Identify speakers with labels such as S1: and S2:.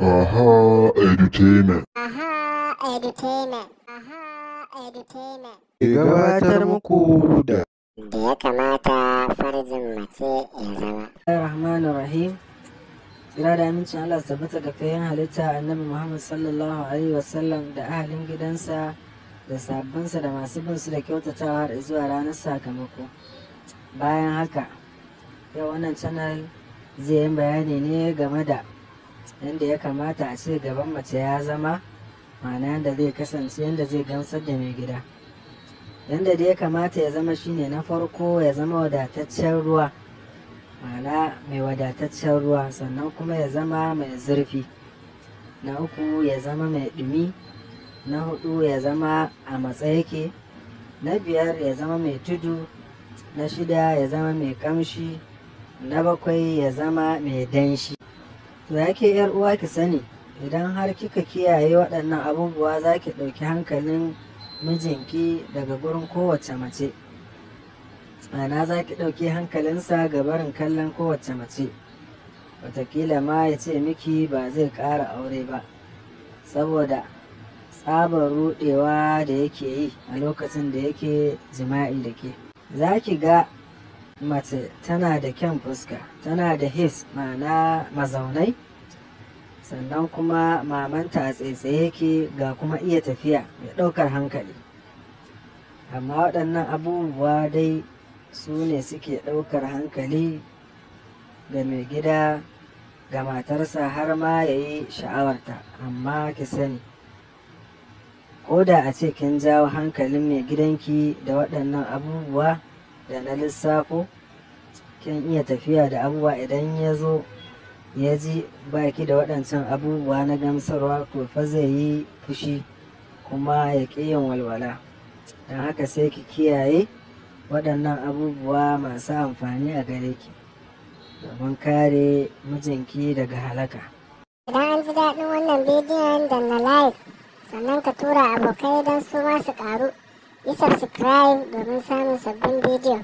S1: Aha Edutainment. Aha Edutainment. Aha Edutainment. gabatar muku da. Da ya kamata farjin mace ya zama. Rahmanu Rahim. kira da amincin Allah tabbata ga kayan halitta annabi Muhammad sallallahu Alaihi wasallam da ahalin gidansa da sabbansa da masu bin su da kyautatawa har zuwa ranar sakamako. Bayan haka, yau wannan canal zai yi bayani ne game da Yanda ya kamata a ce gaban mace ya zama ma'ana yadda zai kasance yadda zai gamsar da mai gida Yanda da ya kamata ya zama shine na farko ya zama wadataccen ruwa ma'ana mai wadataccen ruwa sannan kuma ya zama mai zurfi na uku ya zama mai ɗumi na hudu ya zama a matsa na biyar ya zama mai tudu na shida ya zama mai kamshi na bakwai ya zama mai danshi To ke ‘yar uwa ki sani, idan har kika kiyaye waɗannan abubuwa za ki ɗauki hankalin mijinki daga gurin kowace mace. Ana za ki ɗauki hankalinsa ga barin kallon kowace mace. Wataƙila ma ya ce miki ba zai ƙara aure ba, saboda tsabar ruɗewa da yake yi a lokacin da yake jima'i da ke. Za ki ga mace tana da kyan fuska tana da his ma'ana mazaunai sannan kuma mamanta a tsaitsaye ke ga kuma iya tafiya mai ɗaukar hankali amma waɗannan abubuwa dai su ne suke ɗaukar hankali ga mai gida ga matarsa har ma ya yi sha'awarta amma ki sani ko da a ce kin jawo hankalin mai gidanki da waɗannan abubuwa da na lissafo kin iya tafiya da abubuwa idan ya zo ya ji baki da waɗancan abubuwa na gamsarwa to fa zai yi fushi kuma ya ƙi yin walwala don haka sai ki kiyaye waɗannan abubuwa masu amfani a gare ki domin kare mijinki daga halaka idan an ji daɗin wannan bidiyon da na live sannan ka tura abokai don su ma su ƙaru yi subscribe domin samun sabbin bidiyo